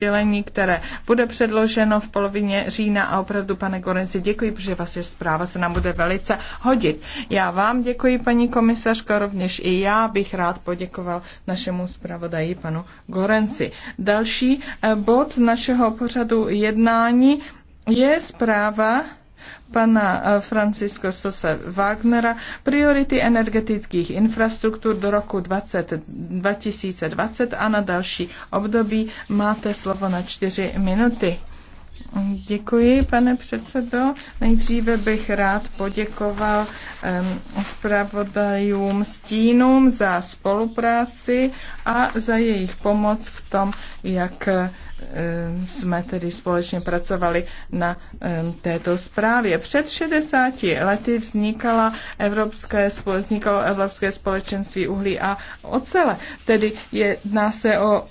sdělení, které bude předloženo v polovině října a opravdu, pane Gorenci, děkuji, protože vaše zpráva se nám bude velice hodit. Já vám děkuji, paní komisařko, rovněž i já bych rád poděkoval našemu zpravodaji, panu Gorenci. Další eh, bod našeho pořadu jednání je zpráva pana eh, Francisco Sose Wagnera priority energetických infrastruktur do roku 20, 2020 a na další období. Máte slovo na čtyři minuty. Děkuji, pane předsedo. Nejdříve bych rád poděkoval um, zpravodajům stínům za spolupráci a za jejich pomoc v tom, jak um, jsme tedy společně pracovali na um, této zprávě. Před 60 lety vznikala Evropské, vznikalo Evropské společenství uhlí a ocele. Tedy jedná se o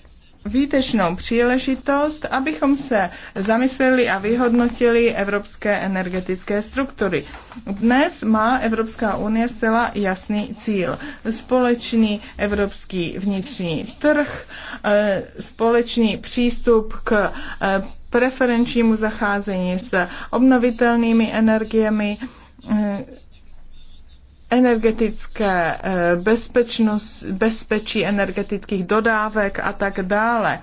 výtečnou příležitost, abychom se zamysleli a vyhodnotili evropské energetické struktury. Dnes má Evropská unie zcela jasný cíl. Společný evropský vnitřní trh, eh, společný přístup k eh, preferenčnímu zacházení s obnovitelnými energiemi, eh, energetické eh, bezpečnost, bezpečí energetických dodávek a tak dále.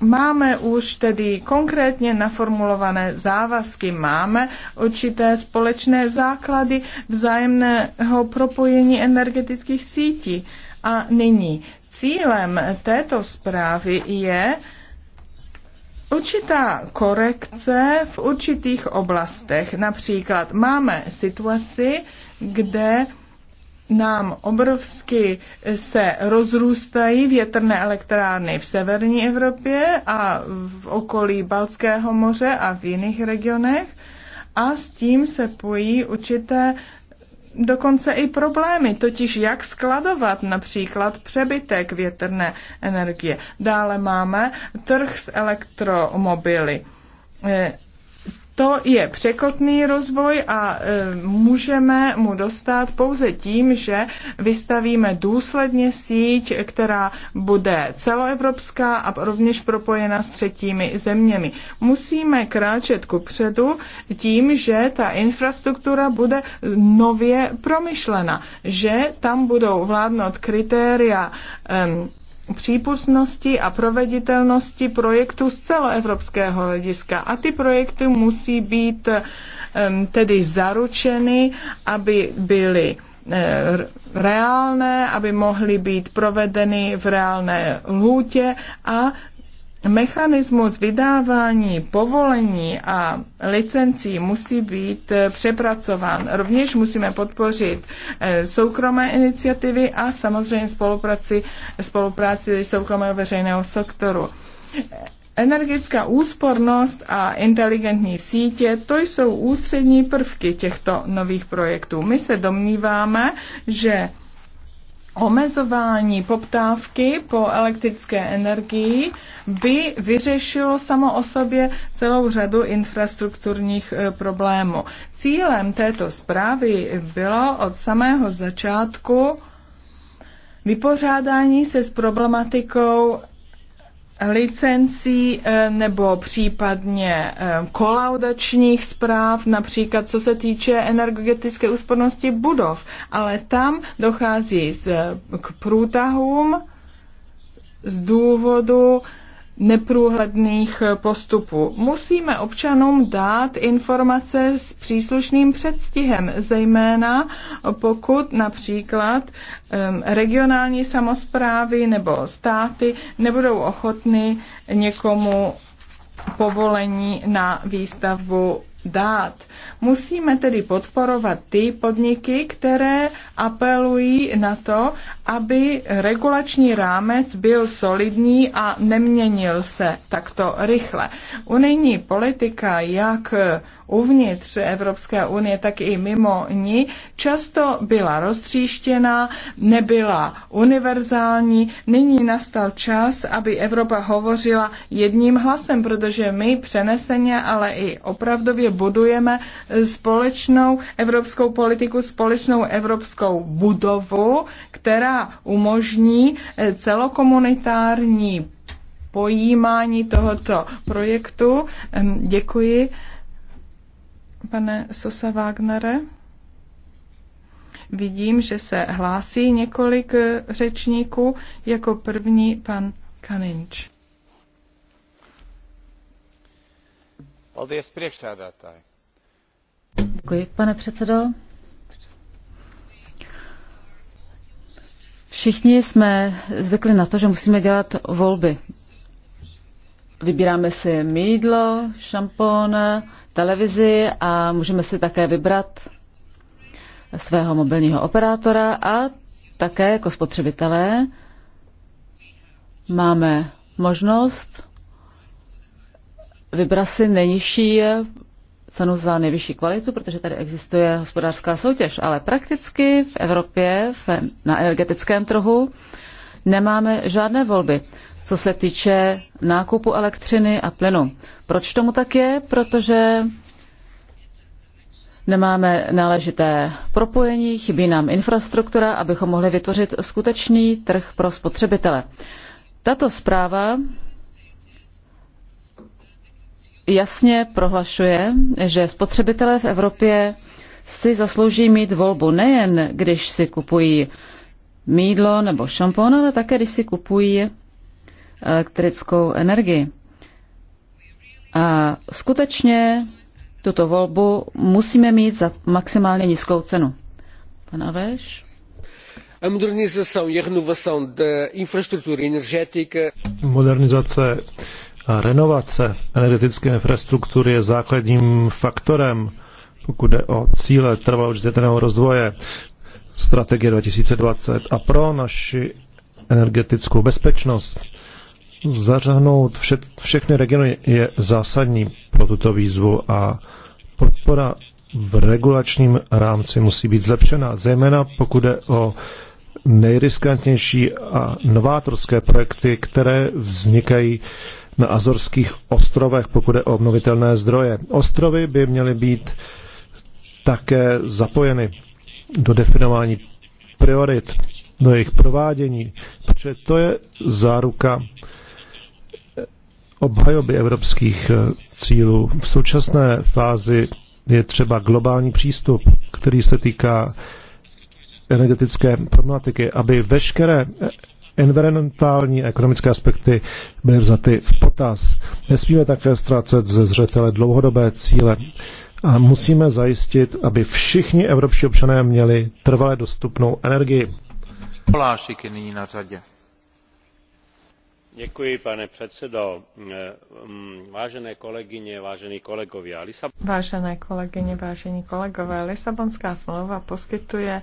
Máme už tedy konkrétně naformulované závazky, máme určité společné základy vzájemného propojení energetických sítí. A nyní cílem této zprávy je určitá korekce v určitých oblastech. Například máme situaci, kde nám obrovsky se rozrůstají větrné elektrárny v severní Evropě a v okolí Balckého moře a v jiných regionech a s tím se pojí určité dokonce i problémy, totiž jak skladovat například přebytek větrné energie. Dále máme trh s elektromobily. Eh, to je překotný rozvoj a e, můžeme mu dostat pouze tím, že vystavíme důsledně síť, která bude celoevropská a rovněž propojena s třetími zeměmi. Musíme kráčet ku předu tím, že ta infrastruktura bude nově promyšlena, že tam budou vládnout kritéria přípustnosti a proveditelnosti projektů z celoevropského hlediska. A ty projekty musí být tedy zaručeny, aby byly eh, reálné, aby mohly být provedeny v reálné lhůtě a mechanismus vydávání povolení a licencí musí být eh, přepracován. Rovněž musíme podpořit eh, soukromé iniciativy a samozřejmě spolupráci, spolupráci soukromého veřejného sektoru. Energická úspornost a inteligentní sítě, to jsou ústřední prvky těchto nových projektů. My se domníváme, že omezování poptávky po elektrické energii by vyřešilo samo o sobě celou řadu infrastrukturních e, problémů. Cílem této zprávy bylo od samého začátku vypořádání se s problematikou licencí eh, nebo případně eh, kolaudačních zpráv, například co se týče energetické úspornosti budov. Ale tam dochází eh, k průtahům z důvodu neprůhledných eh, postupů. Musíme občanům dát informace s příslušným předstihem, zejména pokud například regionální samozprávy nebo státy nebudou ochotny někomu povolení na výstavbu dát. Musíme tedy podporovat ty podniky, které apelují na to, aby regulační rámec byl solidní a neměnil se takto rychle. Unijní politika, jak uvnitř Evropské unie, tak i mimo ní, často byla roztříštěná, nebyla univerzální. Nyní nastal čas, aby Evropa hovořila jedním hlasem, protože my přeneseně, ale i opravdově budujeme společnou evropskou politiku, společnou evropskou budovu, která umožní eh, celokomunitární pojímání tohoto projektu. Děkuji, pane Sosa Wagnere. Vidím, že se hlásí několik eh, řečníků. Jako první pan Kaninč. pane předsedo. Všichni jsme zvykli na to, že musíme dělat volby. Vybíráme si mídlo, šampon, televizi a můžeme si také vybrat svého mobilního operátora a také jako spotřebitelé máme možnost vybrat si nejnižší cenu za nejvyšší kvalitu, protože tady existuje hospodářská soutěž, ale prakticky v Evropě v, na energetickém trhu nemáme žádné volby, co se týče nákupu elektřiny a plynu. Proč tomu tak je? Protože nemáme náležité propojení, chybí nám infrastruktura, abychom mohli vytvořit skutečný trh pro spotřebitele. Tato zpráva jasně prohlašuje, že spotřebitelé v Evropě si zaslouží mít volbu nejen, když si kupují mídlo nebo šampon, ale také, když si kupují elektrickou energii. A skutečně tuto volbu musíme mít za maximálně nízkou cenu. Pan Aleš? A modernização renovação da infraestrutura energética. Modernizace a renovace energetické infrastruktury je základním faktorem, pokud jde o cíle trvalého udržitelného rozvoje strategie 2020 a pro naši energetickou bezpečnost. Zařahnout vše, všechny regiony je zásadní pro tuto výzvu a podpora v regulačním rámci musí být zlepšena, zejména pokud jde o nejriskantnější a novátorské projekty, které vznikají na Azorských ostrovech, pokud je o obnovitelné zdroje. Ostrovy by měly být také zapojeny do definování priorit, do jejich provádění, protože to je záruka obhajoby evropských eh, cílů. V současné fázi je třeba globální přístup, který se týká energetické problematiky, aby veškeré environmentální a ekonomické aspekty byly vzaty v potaz. Nesmíme také ztrácet ze zřetele dlouhodobé cíle a musíme zajistit, aby všichni evropští občané měli trvale dostupnou energii. Polášik je nyní na řadě. Děkuji, pane předsedo. Eh, vážené kolegyně, vážení Vážené vážení kolegové, Lisabonská smlouva poskytuje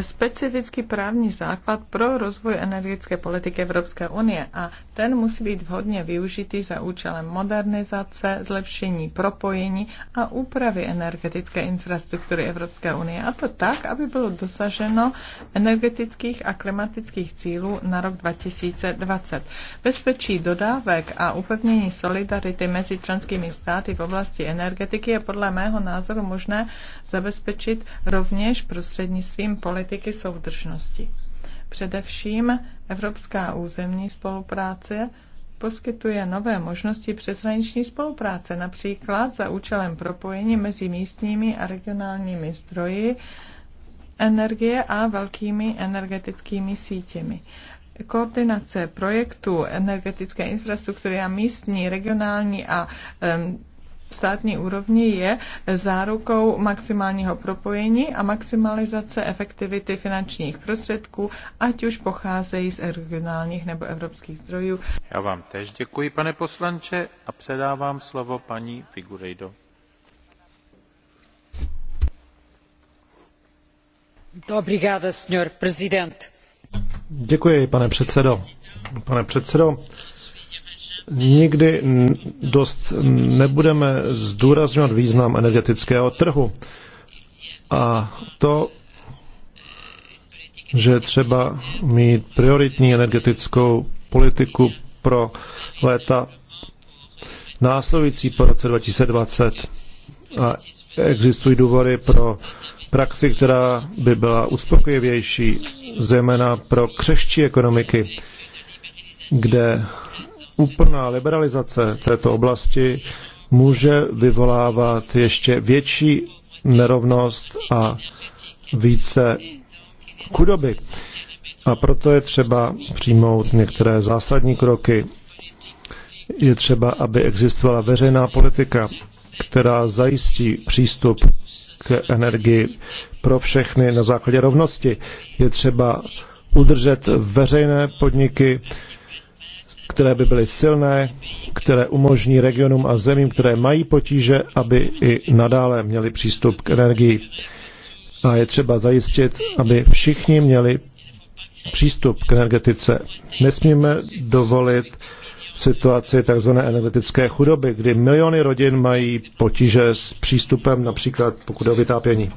specifický právní základ pro rozvoj energetické politiky Evropské unie a ten musí být vhodně využitý za účelem modernizace, zlepšení propojení a úpravy energetické infrastruktury Evropské unie a to tak, aby bylo dosaženo energetických a klimatických cílů na rok 2020. Bez Bezpečí dodávek a upevnění solidarity mezi členskými státy v oblasti energetiky je podle mého názoru možné zabezpečit rovněž prostřednictvím politiky soudržnosti. Především Evropská územní spolupráce poskytuje nové možnosti přeshraniční spolupráce, například za účelem propojení mezi místními a regionálními zdroji energie a velkými energetickými sítěmi. Koordinace projektů energetické infrastruktury a místní, regionální a státní úrovni je zárukou maximálního propojení a maximalizace efektivity finančních prostředků, ať už pocházejí z regionálních nebo evropských zdrojů. Já vám tež děkuji, pane poslanče, a předávám slovo paní Figurejdo. den, pane prezident. Děkuji, pane předsedo. Pane předsedo, nikdy dost nebudeme zdůrazňovat význam energetického trhu. A to, že třeba mít prioritní energetickou politiku pro léta následující po roce 2020. A existují důvody pro praxi, která by byla uspokojivější, zejména pro křeští ekonomiky, kde úplná liberalizace této oblasti může vyvolávat ještě větší nerovnost a více chudoby. A proto je třeba přijmout některé zásadní kroky. Je třeba, aby existovala veřejná politika, která zajistí přístup k energii pro všechny na základě rovnosti. Je třeba udržet veřejné podniky, které by byly silné, které umožní regionům a zemím, které mají potíže, aby i nadále měli přístup k energii. A je třeba zajistit, aby všichni měli přístup k energetice. Nesmíme dovolit, situaci tzv. energetické chudoby, kdy miliony rodin mají potíže s přístupem například pokud o vytápění.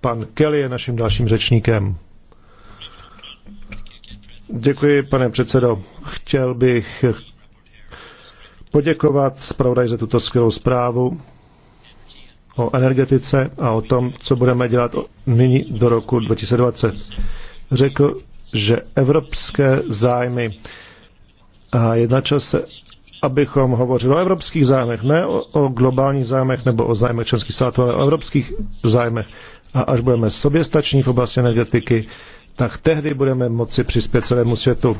Pan Kelly je naším dalším řečníkem. Děkuji, pane předsedo. Chtěl bych poděkovat zpravodaj za tuto skvělou zprávu o energetice a o tom, co budeme dělat nyní do roku 2020. Řekl, že evropské zájmy a je na čase, abychom hovořili o evropských zájmech, ne o, o globálních zájmech nebo o zájmech členských států, ale o evropských zájmech. A až budeme soběstační v oblasti energetiky, tak tehdy budeme moci přispět celému světu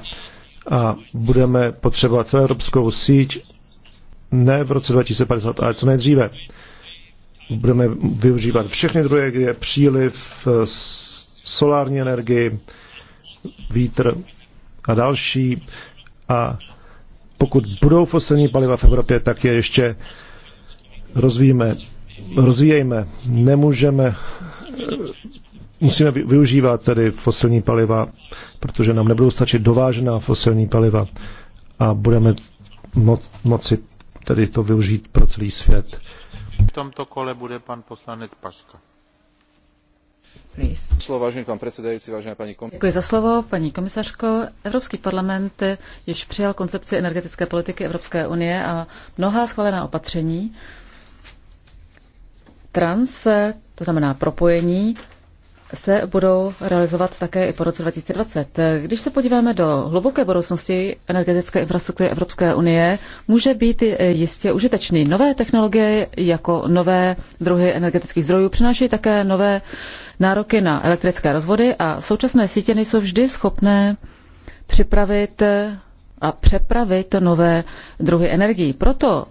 a budeme potřebovat celou evropskou síť ne v roce 2050, ale co nejdříve. Budeme využívat všechny druhy, kde je příliv, solární energii, vítr a další a pokud budou fosilní paliva v Evropě, tak je ještě rozvíjíme, rozvíjejme. Nemůžeme, musíme využívat tedy fosilní paliva, protože nám nebudou stačit dovážená fosilní paliva a budeme moc, moci tedy to využít pro celý svět. V tomto kole bude pan poslanec Paška paní komisařko. Evropský parlament již přijal koncepci energetické politiky Evropské unie a mnohá schválená opatření. Trans, to znamená propojení, se budou realizovat také i po roce 2020. Když se podíváme do hluboké budoucnosti energetické infrastruktury Evropské unie, může být jistě užitečný. Nové technologie jako nové druhy energetických zdrojů přináší také nové uh, nároky na elektrické rozvody a současné sítě nejsou vždy schopné připravit a přepravit nové druhy energií. Proto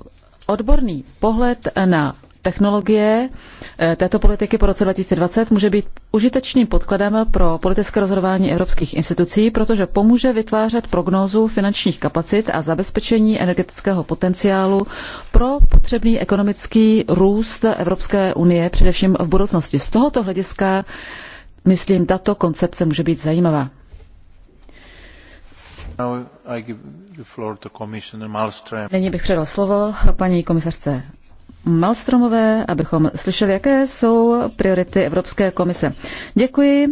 odborný pohled na technologie eh, této politiky po roce 2020 může být užitečným podkladem pro politické rozhodování evropských institucí, protože pomůže vytvářet prognózu finančních kapacit a zabezpečení energetického potenciálu pro potřebný ekonomický růst Evropské unie, především v budoucnosti. Z tohoto hlediska, myslím, tato koncepce může být zajímavá. Nyní bych předal slovo paní komisařce Malstromové, abychom slyšeli, jaké jsou priority Evropské komise. Děkuji,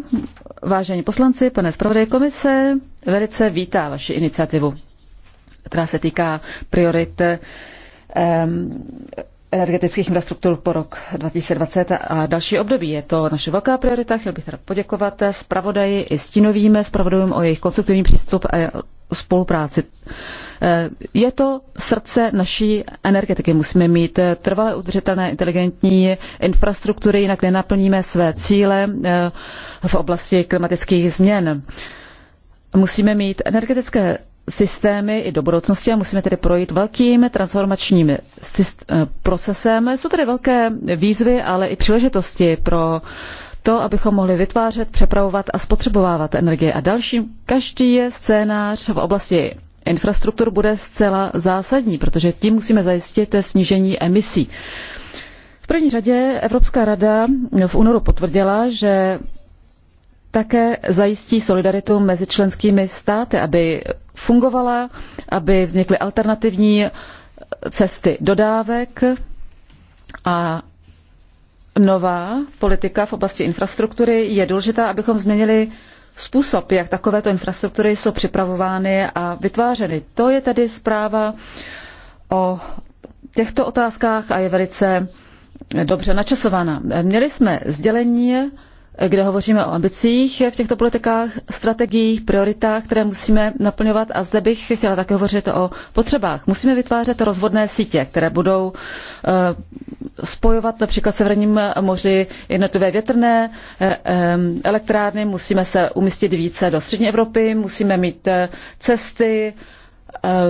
vážení poslanci, pane zpravodaj komise, velice vítá vaši iniciativu, která se týká priorit um, energetických infrastruktur po rok 2020 a další období. Je to naše velká priorita. Chtěl bych teda poděkovat zpravodaji i stínovým zpravodajům o jejich konstruktivní přístup a spolupráci. Eh, je to srdce naší energetiky. Musíme mít eh, trvalé udržitelné inteligentní infrastruktury, jinak nenaplníme své cíle eh, v oblasti klimatických změn. Musíme mít energetické systémy i do budoucnosti a musíme tedy projít velkým transformačním procesem. Jsou tady velké výzvy, ale i příležitosti pro to, abychom mohli vytvářet, přepravovat a spotřebovávat energie. A další. každý je scénář v oblasti infrastruktur bude zcela zásadní, protože tím musíme zajistit snížení emisí. V první řadě Evropská rada v únoru potvrdila, že také zajistí solidaritu mezi členskými státy, aby fungovala, aby vznikly alternativní cesty dodávek a nová politika v oblasti infrastruktury je důležitá, abychom změnili způsob, jak takovéto infrastruktury jsou připravovány a vytvářeny. To je tedy zpráva o těchto otázkách a je velice dobře načasovaná. Měli jsme sdělení kde hovoříme o ambicích v těchto politikách, strategiích, prioritách, které musíme naplňovat. A zde bych chtěla také hovořit o potřebách. Musíme vytvářet rozvodné sítě, které budou eh, spojovat například Severním moři jednotlivé větrné eh, eh, elektrárny. Musíme se umístit více do střední Evropy, musíme mít cesty,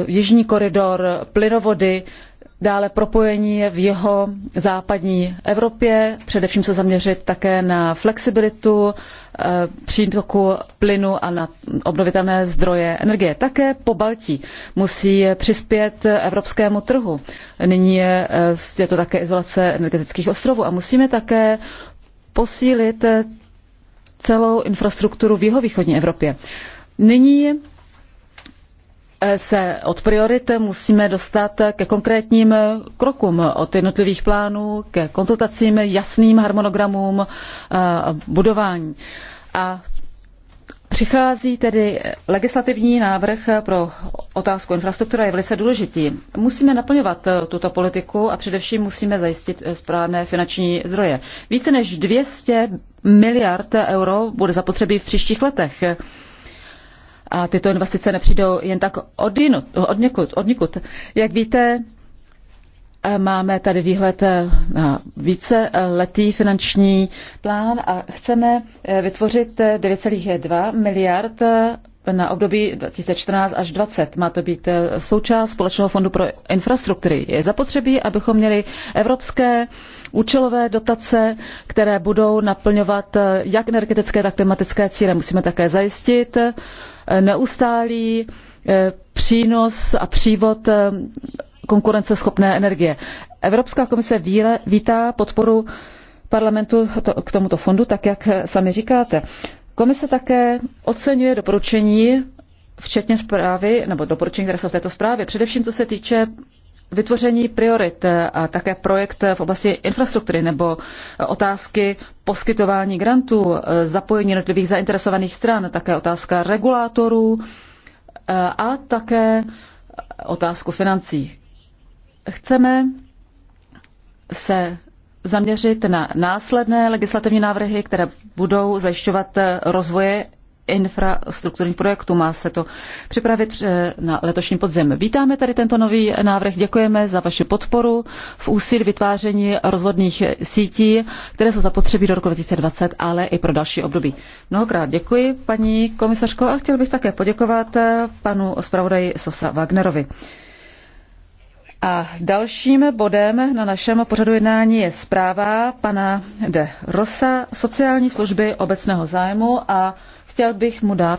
jižní koridor, plynovody dále propojení v jeho západní Evropě, především se zaměřit také na flexibilitu eh, přítoku plynu a na obnovitelné zdroje energie. Také po Baltí musí přispět evropskému trhu. Nyní je, eh, je to také izolace energetických ostrovů a musíme také posílit eh, celou infrastrukturu v jihovýchodní Evropě. Nyní se od priorit musíme dostat ke konkrétním krokům od jednotlivých plánů, ke konzultacím, jasným harmonogramům budování. A Přichází tedy legislativní návrh pro otázku infrastruktura je velice důležitý. Musíme naplňovat tuto politiku a především musíme zajistit správné finanční zdroje. Více než 200 miliard euro bude zapotřebí v příštích letech a tyto investice nepřijdou jen tak od, jinut, od, někud, od někud. Jak víte, máme tady výhled na více letý finanční plán a chceme vytvořit 9,2 miliard na období 2014 až 2020. Má to být součást Společného fondu pro infrastruktury. Je zapotřebí, abychom měli evropské účelové dotace, které budou naplňovat jak energetické, tak klimatické cíle. Musíme také zajistit neustálý eh, přínos a přívod eh, konkurenceschopné energie. Evropská komise vítá podporu parlamentu to, k tomuto fondu, tak jak eh, sami říkáte. Komise také oceňuje doporučení, včetně zprávy, nebo doporučení, které jsou v této zprávě, především co se týče vytvoření priorit eh, a také projekt v oblasti infrastruktury nebo eh, otázky poskytování grantů, eh, zapojení jednotlivých zainteresovaných stran, také otázka regulátorů a také otázku financí. Chceme se zaměřit na následné legislativní návrhy, které budou zajišťovat rozvoje infrastrukturních projektů. Má se to připravit eh, na letošní podzim. Vítáme tady tento nový návrh, děkujeme za vaši podporu v úsilí vytváření rozvodných sítí, které jsou zapotřebí do roku 2020, ale i pro další období. Mnohokrát děkuji, paní komisařko, a chtěl bych také poděkovat eh, panu zpravodaji Sosa Wagnerovi. A dalším bodem na našem pořadu jednání je zpráva pana de Rosa, sociální služby obecného zájmu a chtěl bych mu dát